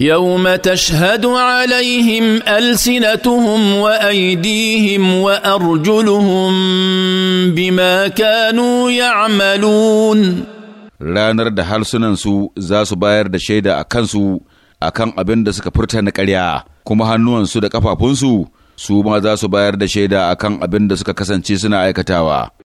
يوم تشهد عليهم السنتهم وايديهم وارجلهم بما كانوا يعملون ranar da harsunansu za su bayar da shaida a kansu a kan abin da suka furta na ƙarya kuma hannuwansu da ƙafafunsu su ma za su bayar da shaida a kan abin da suka kasance suna aikatawa